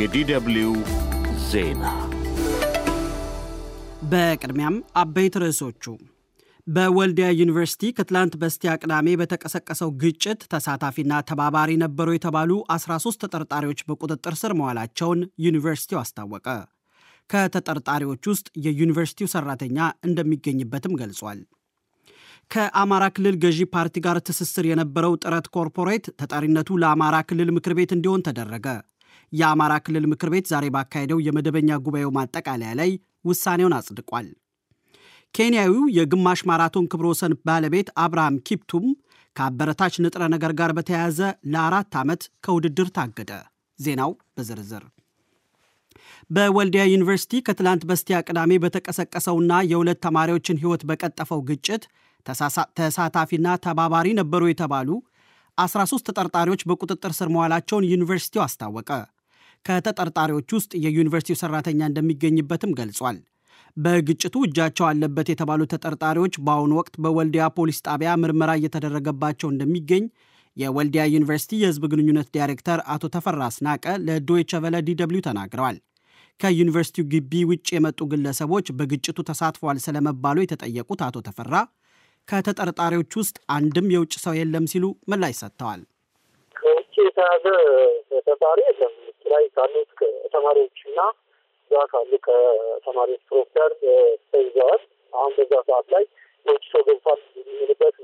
የዲደብልዩ ዜና በቅድሚያም አበይት ርዕሶቹ በወልዲያ ዩኒቨርሲቲ ከትላንት በስቲያ ቅዳሜ በተቀሰቀሰው ግጭት ተሳታፊና ተባባሪ ነበሩ የተባሉ 13 ተጠርጣሪዎች በቁጥጥር ስር መዋላቸውን ዩኒቨርሲቲው አስታወቀ። ከተጠርጣሪዎች ውስጥ የዩኒቨርሲቲው ሰራተኛ እንደሚገኝበትም ገልጿል። ከአማራ ክልል ገዢ ፓርቲ ጋር ትስስር የነበረው ጥረት ኮርፖሬት ተጠሪነቱ ለአማራ ክልል ምክር ቤት እንዲሆን ተደረገ። የአማራ ክልል ምክር ቤት ዛሬ ባካሄደው የመደበኛ ጉባኤው ማጠቃለያ ላይ ውሳኔውን አጽድቋል። ኬንያዊው የግማሽ ማራቶን ክብረ ወሰን ባለቤት አብርሃም ኪፕቱም ከአበረታች ንጥረ ነገር ጋር በተያያዘ ለአራት ዓመት ከውድድር ታገደ። ዜናው በዝርዝር በወልዲያ ዩኒቨርሲቲ ከትላንት በስቲያ ቅዳሜ በተቀሰቀሰውና የሁለት ተማሪዎችን ሕይወት በቀጠፈው ግጭት ተሳታፊና ተባባሪ ነበሩ የተባሉ 13 ተጠርጣሪዎች በቁጥጥር ስር መዋላቸውን ዩኒቨርሲቲው አስታወቀ። ከተጠርጣሪዎች ውስጥ የዩኒቨርሲቲው ሰራተኛ እንደሚገኝበትም ገልጿል። በግጭቱ እጃቸው አለበት የተባሉ ተጠርጣሪዎች በአሁኑ ወቅት በወልዲያ ፖሊስ ጣቢያ ምርመራ እየተደረገባቸው እንደሚገኝ የወልዲያ ዩኒቨርሲቲ የሕዝብ ግንኙነት ዳይሬክተር አቶ ተፈራ አስናቀ ለዶይቸ ቨለ ዲደብሊው ተናግረዋል። ከዩኒቨርሲቲው ግቢ ውጭ የመጡ ግለሰቦች በግጭቱ ተሳትፈዋል ስለመባሉ የተጠየቁት አቶ ተፈራ ከተጠርጣሪዎች ውስጥ አንድም የውጭ ሰው የለም ሲሉ ምላሽ ሰጥተዋል። ከውጭ የተያዘ ተጠርጣሪ የለም ላይ ካሉት ተማሪዎች እና እዛ ካሉ ከተማሪዎች ፕሮፌሰር ተይዘዋል። አሁን በዛ ሰዓት ላይ የውጭ ሰው ገብቷል የሚልበት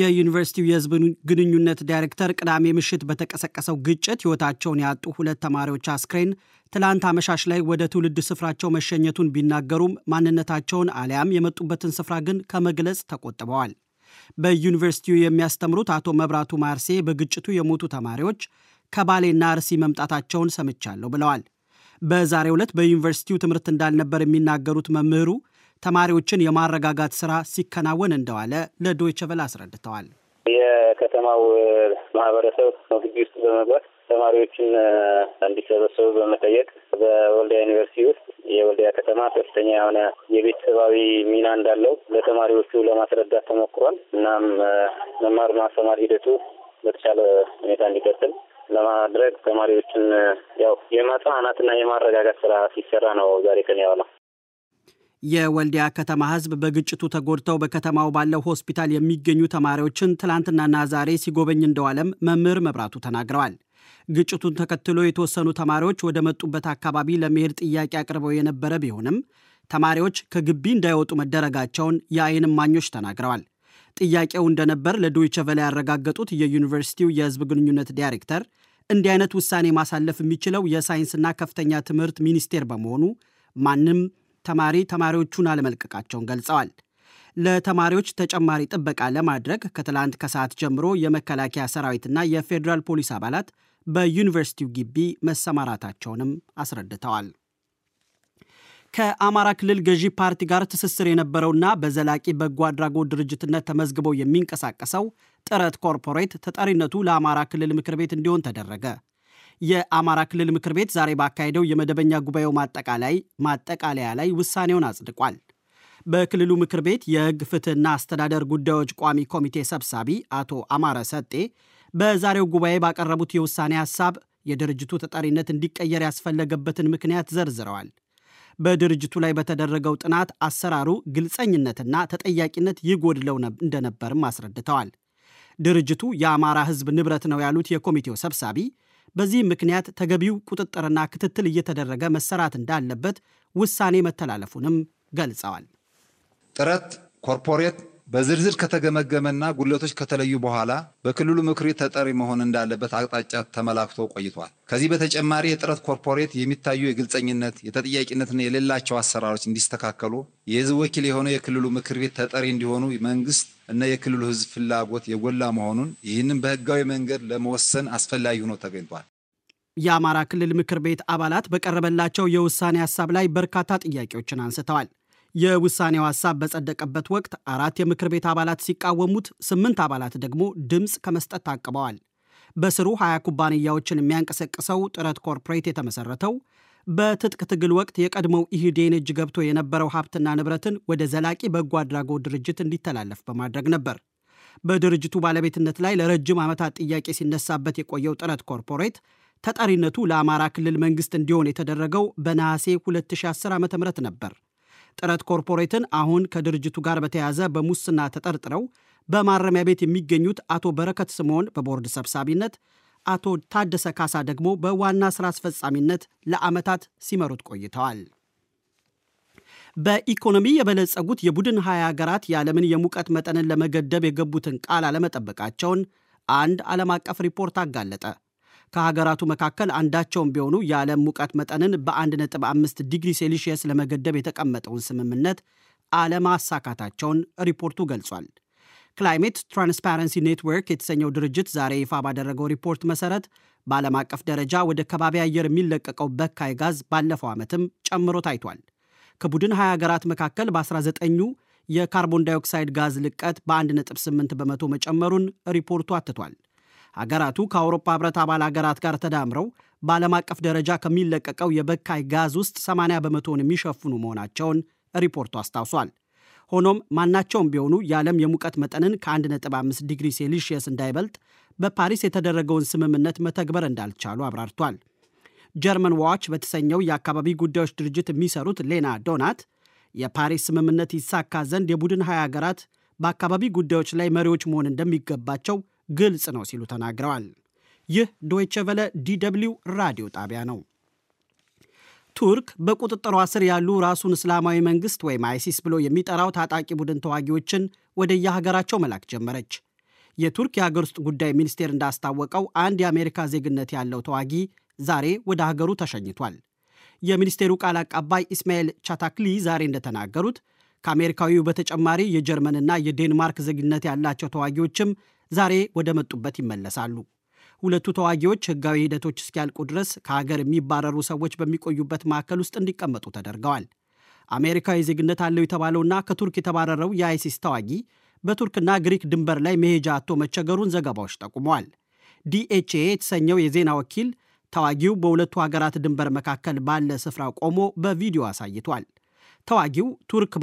የዩኒቨርሲቲው የህዝብ ግንኙነት ዳይሬክተር ቅዳሜ ምሽት በተቀሰቀሰው ግጭት ህይወታቸውን ያጡ ሁለት ተማሪዎች አስክሬን ትላንት አመሻሽ ላይ ወደ ትውልድ ስፍራቸው መሸኘቱን ቢናገሩም ማንነታቸውን አሊያም የመጡበትን ስፍራ ግን ከመግለጽ ተቆጥበዋል። በዩኒቨርሲቲው የሚያስተምሩት አቶ መብራቱ ማርሴ በግጭቱ የሞቱ ተማሪዎች ከባሌና እርሲ መምጣታቸውን ሰምቻለሁ ብለዋል። በዛሬው ዕለት በዩኒቨርሲቲው ትምህርት እንዳልነበር የሚናገሩት መምህሩ ተማሪዎችን የማረጋጋት ስራ ሲከናወን እንደዋለ ለዶይቸ አስረድተዋል። የከተማው ማህበረሰብ ግቢ ውስጥ በመግባት ተማሪዎችን እንዲሰበሰቡ በመጠየቅ በወልዲያ ዩኒቨርሲቲ ውስጥ የወልዲያ ከተማ ከፍተኛ የሆነ የቤተሰባዊ ሚና እንዳለው ለተማሪዎቹ ለማስረዳት ተሞክሯል። እናም መማር ማስተማር ሂደቱ በተቻለ ሁኔታ እንዲቀጥል ለማድረግ ተማሪዎችን ያው የማጽናናትና የማረጋጋት ስራ ሲሰራ ነው ዛሬ ቀን ያዋለው። የወልዲያ ከተማ ህዝብ በግጭቱ ተጎድተው በከተማው ባለው ሆስፒታል የሚገኙ ተማሪዎችን ትላንትናና ዛሬ ሲጎበኝ እንደዋለም መምህር መብራቱ ተናግረዋል። ግጭቱን ተከትሎ የተወሰኑ ተማሪዎች ወደ መጡበት አካባቢ ለመሄድ ጥያቄ አቅርበው የነበረ ቢሆንም ተማሪዎች ከግቢ እንዳይወጡ መደረጋቸውን የዓይን እማኞች ተናግረዋል። ጥያቄው እንደነበር ለዶይቸ ቬለ ያረጋገጡት የዩኒቨርሲቲው የህዝብ ግንኙነት ዳይሬክተር እንዲህ አይነት ውሳኔ ማሳለፍ የሚችለው የሳይንስና ከፍተኛ ትምህርት ሚኒስቴር በመሆኑ ማንም ተማሪ ተማሪዎቹን አለመልቀቃቸውን ገልጸዋል። ለተማሪዎች ተጨማሪ ጥበቃ ለማድረግ ከትላንት ከሰዓት ጀምሮ የመከላከያ ሰራዊትና የፌዴራል ፖሊስ አባላት በዩኒቨርሲቲው ግቢ መሰማራታቸውንም አስረድተዋል። ከአማራ ክልል ገዢ ፓርቲ ጋር ትስስር የነበረውና በዘላቂ በጎ አድራጎት ድርጅትነት ተመዝግበው የሚንቀሳቀሰው ጥረት ኮርፖሬት ተጠሪነቱ ለአማራ ክልል ምክር ቤት እንዲሆን ተደረገ። የአማራ ክልል ምክር ቤት ዛሬ ባካሄደው የመደበኛ ጉባኤው ማጠቃላይ ማጠቃለያ ላይ ውሳኔውን አጽድቋል። በክልሉ ምክር ቤት የሕግ ፍትህና አስተዳደር ጉዳዮች ቋሚ ኮሚቴ ሰብሳቢ አቶ አማረ ሰጤ በዛሬው ጉባኤ ባቀረቡት የውሳኔ ሐሳብ የድርጅቱ ተጠሪነት እንዲቀየር ያስፈለገበትን ምክንያት ዘርዝረዋል። በድርጅቱ ላይ በተደረገው ጥናት አሰራሩ ግልጸኝነትና ተጠያቂነት ይጎድለው እንደነበርም አስረድተዋል። ድርጅቱ የአማራ ሕዝብ ንብረት ነው ያሉት የኮሚቴው ሰብሳቢ በዚህ ምክንያት ተገቢው ቁጥጥርና ክትትል እየተደረገ መሰራት እንዳለበት ውሳኔ መተላለፉንም ገልጸዋል። ጥረት ኮርፖሬት በዝርዝር ከተገመገመና ጉድለቶች ከተለዩ በኋላ በክልሉ ምክር ቤት ተጠሪ መሆን እንዳለበት አቅጣጫ ተመላክቶ ቆይቷል። ከዚህ በተጨማሪ የጥረት ኮርፖሬት የሚታዩ የግልጸኝነት የተጠያቂነትና የሌላቸው አሰራሮች እንዲስተካከሉ የህዝብ ወኪል የሆነው የክልሉ ምክር ቤት ተጠሪ እንዲሆኑ መንግስት እና የክልሉ ህዝብ ፍላጎት የጎላ መሆኑን ይህንን በህጋዊ መንገድ ለመወሰን አስፈላጊ ሆኖ ተገኝቷል። የአማራ ክልል ምክር ቤት አባላት በቀረበላቸው የውሳኔ ሀሳብ ላይ በርካታ ጥያቄዎችን አንስተዋል። የውሳኔው ሀሳብ በጸደቀበት ወቅት አራት የምክር ቤት አባላት ሲቃወሙት፣ ስምንት አባላት ደግሞ ድምፅ ከመስጠት ታቅበዋል። በስሩ ሀያ ኩባንያዎችን የሚያንቀሳቅሰው ጥረት ኮርፖሬት የተመሰረተው በትጥቅ ትግል ወቅት የቀድሞው ኢህዴን እጅ ገብቶ የነበረው ሀብትና ንብረትን ወደ ዘላቂ በጎ አድራጎት ድርጅት እንዲተላለፍ በማድረግ ነበር። በድርጅቱ ባለቤትነት ላይ ለረጅም ዓመታት ጥያቄ ሲነሳበት የቆየው ጥረት ኮርፖሬት ተጠሪነቱ ለአማራ ክልል መንግሥት እንዲሆን የተደረገው በነሐሴ 2010 ዓ ም ነበር። ጥረት ኮርፖሬትን አሁን ከድርጅቱ ጋር በተያያዘ በሙስና ተጠርጥረው በማረሚያ ቤት የሚገኙት አቶ በረከት ስምዖን በቦርድ ሰብሳቢነት፣ አቶ ታደሰ ካሳ ደግሞ በዋና ሥራ አስፈጻሚነት ለዓመታት ሲመሩት ቆይተዋል። በኢኮኖሚ የበለጸጉት የቡድን ሀያ ሀገራት የዓለምን የሙቀት መጠንን ለመገደብ የገቡትን ቃል አለመጠበቃቸውን አንድ ዓለም አቀፍ ሪፖርት አጋለጠ። ከሀገራቱ መካከል አንዳቸውም ቢሆኑ የዓለም ሙቀት መጠንን በ1.5 ዲግሪ ሴልሺየስ ለመገደብ የተቀመጠውን ስምምነት አለማሳካታቸውን ሪፖርቱ ገልጿል። ክላይሜት ትራንስፓረንሲ ኔትወርክ የተሰኘው ድርጅት ዛሬ ይፋ ባደረገው ሪፖርት መሰረት በዓለም አቀፍ ደረጃ ወደ ከባቢ አየር የሚለቀቀው በካይ ጋዝ ባለፈው ዓመትም ጨምሮ ታይቷል። ከቡድን 20 ሀገራት መካከል በ19ኙ የካርቦን ዳይኦክሳይድ ጋዝ ልቀት በ1.8 በመቶ መጨመሩን ሪፖርቱ አትቷል። አገራቱ ከአውሮፓ ህብረት አባል አገራት ጋር ተዳምረው በዓለም አቀፍ ደረጃ ከሚለቀቀው የበካይ ጋዝ ውስጥ 80 በመቶውን የሚሸፍኑ መሆናቸውን ሪፖርቱ አስታውሷል። ሆኖም ማናቸውም ቢሆኑ የዓለም የሙቀት መጠንን ከ1.5 ዲግሪ ሴልሺየስ እንዳይበልጥ በፓሪስ የተደረገውን ስምምነት መተግበር እንዳልቻሉ አብራርቷል። ጀርመን ዋች በተሰኘው የአካባቢ ጉዳዮች ድርጅት የሚሰሩት ሌና ዶናት የፓሪስ ስምምነት ይሳካ ዘንድ የቡድን ሀያ ሀገራት በአካባቢ ጉዳዮች ላይ መሪዎች መሆን እንደሚገባቸው ግልጽ ነው ሲሉ ተናግረዋል። ይህ ዶይቸ ቨለ ዲደብሊው ራዲዮ ጣቢያ ነው። ቱርክ በቁጥጥሯ ስር ያሉ ራሱን እስላማዊ መንግሥት ወይም አይሲስ ብሎ የሚጠራው ታጣቂ ቡድን ተዋጊዎችን ወደ የሀገራቸው መላክ ጀመረች። የቱርክ የሀገር ውስጥ ጉዳይ ሚኒስቴር እንዳስታወቀው አንድ የአሜሪካ ዜግነት ያለው ተዋጊ ዛሬ ወደ ሀገሩ ተሸኝቷል። የሚኒስቴሩ ቃል አቀባይ ኢስማኤል ቻታክሊ ዛሬ እንደተናገሩት ከአሜሪካዊው በተጨማሪ የጀርመንና የዴንማርክ ዜግነት ያላቸው ተዋጊዎችም ዛሬ ወደ መጡበት ይመለሳሉ። ሁለቱ ተዋጊዎች ሕጋዊ ሂደቶች እስኪያልቁ ድረስ ከሀገር የሚባረሩ ሰዎች በሚቆዩበት ማዕከል ውስጥ እንዲቀመጡ ተደርገዋል። አሜሪካዊ ዜግነት አለው የተባለውና ከቱርክ የተባረረው የአይሲስ ተዋጊ በቱርክና ግሪክ ድንበር ላይ መሄጃ አቶ መቸገሩን ዘገባዎች ጠቁመዋል። ዲኤችኤ የተሰኘው የዜና ወኪል ተዋጊው በሁለቱ ሀገራት ድንበር መካከል ባለ ስፍራ ቆሞ በቪዲዮ አሳይቷል። ተዋጊው ቱርክ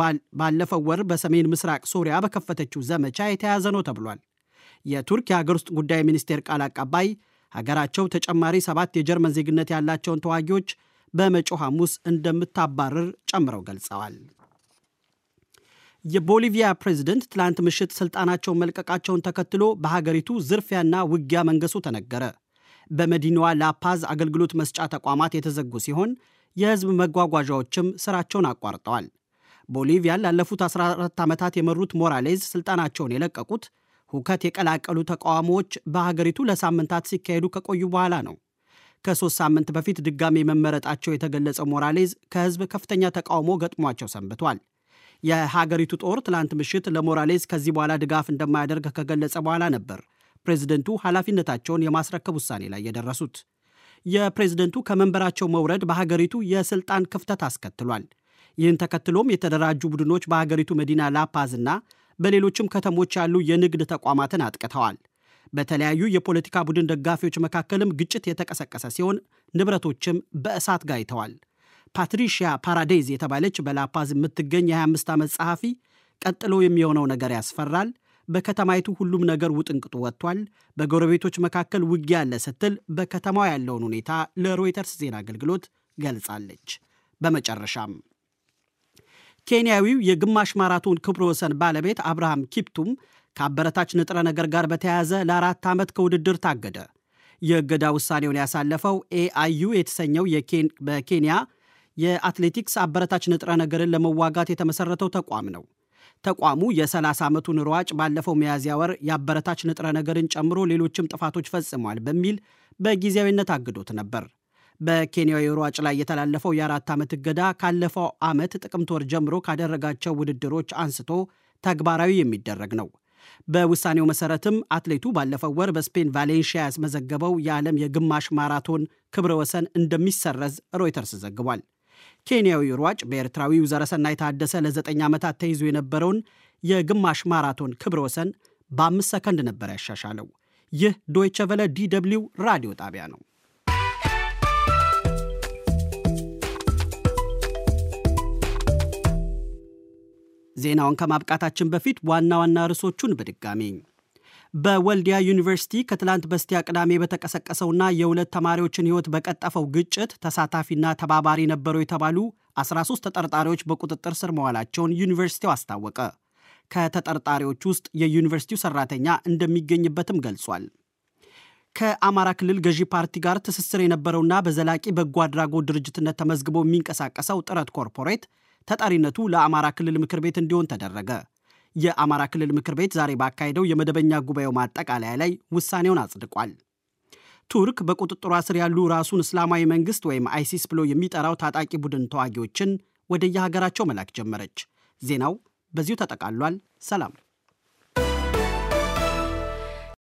ባለፈው ወር በሰሜን ምስራቅ ሶሪያ በከፈተችው ዘመቻ የተያዘ ነው ተብሏል። የቱርክ የሀገር ውስጥ ጉዳይ ሚኒስቴር ቃል አቀባይ ሀገራቸው ተጨማሪ ሰባት የጀርመን ዜግነት ያላቸውን ተዋጊዎች በመጪው ሐሙስ እንደምታባረር ጨምረው ገልጸዋል። የቦሊቪያ ፕሬዝደንት ትላንት ምሽት ስልጣናቸውን መልቀቃቸውን ተከትሎ በሀገሪቱ ዝርፊያና ውጊያ መንገሱ ተነገረ። በመዲናዋ ላፓዝ አገልግሎት መስጫ ተቋማት የተዘጉ ሲሆን የሕዝብ መጓጓዣዎችም ሥራቸውን አቋርጠዋል። ቦሊቪያን ላለፉት 14 ዓመታት የመሩት ሞራሌዝ ሥልጣናቸውን የለቀቁት ሁከት የቀላቀሉ ተቃውሞዎች በሀገሪቱ ለሳምንታት ሲካሄዱ ከቆዩ በኋላ ነው። ከሶስት ሳምንት በፊት ድጋሜ መመረጣቸው የተገለጸው ሞራሌዝ ከህዝብ ከፍተኛ ተቃውሞ ገጥሟቸው ሰንብቷል። የሀገሪቱ ጦር ትላንት ምሽት ለሞራሌዝ ከዚህ በኋላ ድጋፍ እንደማያደርግ ከገለጸ በኋላ ነበር ፕሬዝደንቱ ኃላፊነታቸውን የማስረከብ ውሳኔ ላይ የደረሱት። የፕሬዝደንቱ ከመንበራቸው መውረድ በሀገሪቱ የስልጣን ክፍተት አስከትሏል። ይህን ተከትሎም የተደራጁ ቡድኖች በሀገሪቱ መዲና ላፓዝና በሌሎችም ከተሞች ያሉ የንግድ ተቋማትን አጥቅተዋል። በተለያዩ የፖለቲካ ቡድን ደጋፊዎች መካከልም ግጭት የተቀሰቀሰ ሲሆን ንብረቶችም በእሳት ጋይተዋል። ፓትሪሺያ ፓራዴዝ የተባለች በላፓዝ የምትገኝ የ25 ዓመት ጸሐፊ ቀጥሎ የሚሆነው ነገር ያስፈራል፣ በከተማይቱ ሁሉም ነገር ውጥንቅጡ ወጥቷል፣ በጎረቤቶች መካከል ውጊያ አለ ስትል በከተማዋ ያለውን ሁኔታ ለሮይተርስ ዜና አገልግሎት ገልጻለች። በመጨረሻም ኬንያዊው የግማሽ ማራቶን ክብረ ወሰን ባለቤት አብርሃም ኪፕቱም ከአበረታች ንጥረ ነገር ጋር በተያያዘ ለአራት ዓመት ከውድድር ታገደ። የእገዳ ውሳኔውን ያሳለፈው ኤአይዩ የተሰኘው በኬንያ የአትሌቲክስ አበረታች ንጥረ ነገርን ለመዋጋት የተመሠረተው ተቋም ነው። ተቋሙ የ30 ዓመቱን ሯጭ ባለፈው ሚያዝያ ወር የአበረታች ንጥረ ነገርን ጨምሮ ሌሎችም ጥፋቶች ፈጽሟል በሚል በጊዜያዊነት አግዶት ነበር። በኬንያዊ ሯጭ ላይ የተላለፈው የአራት ዓመት እገዳ ካለፈው ዓመት ጥቅምት ወር ጀምሮ ካደረጋቸው ውድድሮች አንስቶ ተግባራዊ የሚደረግ ነው። በውሳኔው መሰረትም አትሌቱ ባለፈው ወር በስፔን ቫሌንሺያ ያስመዘገበው የዓለም የግማሽ ማራቶን ክብረ ወሰን እንደሚሰረዝ ሮይተርስ ዘግቧል። ኬንያዊ ሯጭ በኤርትራዊው ዘረሰናይ ታደሰ ለዘጠኝ ዓመታት ተይዞ የነበረውን የግማሽ ማራቶን ክብረ ወሰን በአምስት ሰከንድ ነበር ያሻሻለው። ይህ ዶይቸ ቨለ ዲ ደብልዩ ራዲዮ ጣቢያ ነው። ዜናውን ከማብቃታችን በፊት ዋና ዋና ርዕሶቹን በድጋሚ በወልዲያ ዩኒቨርሲቲ ከትላንት በስቲያ ቅዳሜ በተቀሰቀሰውና የሁለት ተማሪዎችን ሕይወት በቀጠፈው ግጭት ተሳታፊና ተባባሪ ነበሩ የተባሉ 13 ተጠርጣሪዎች በቁጥጥር ስር መዋላቸውን ዩኒቨርሲቲው አስታወቀ። ከተጠርጣሪዎች ውስጥ የዩኒቨርሲቲው ሰራተኛ እንደሚገኝበትም ገልጿል። ከአማራ ክልል ገዢ ፓርቲ ጋር ትስስር የነበረውና በዘላቂ በጎ አድራጎት ድርጅትነት ተመዝግቦ የሚንቀሳቀሰው ጥረት ኮርፖሬት ተጠሪነቱ ለአማራ ክልል ምክር ቤት እንዲሆን ተደረገ። የአማራ ክልል ምክር ቤት ዛሬ ባካሄደው የመደበኛ ጉባኤው ማጠቃለያ ላይ ውሳኔውን አጽድቋል። ቱርክ በቁጥጥሯ ስር ያሉ ራሱን እስላማዊ መንግስት ወይም አይሲስ ብሎ የሚጠራው ታጣቂ ቡድን ተዋጊዎችን ወደየሀገራቸው መላክ ጀመረች። ዜናው በዚሁ ተጠቃሏል። ሰላም።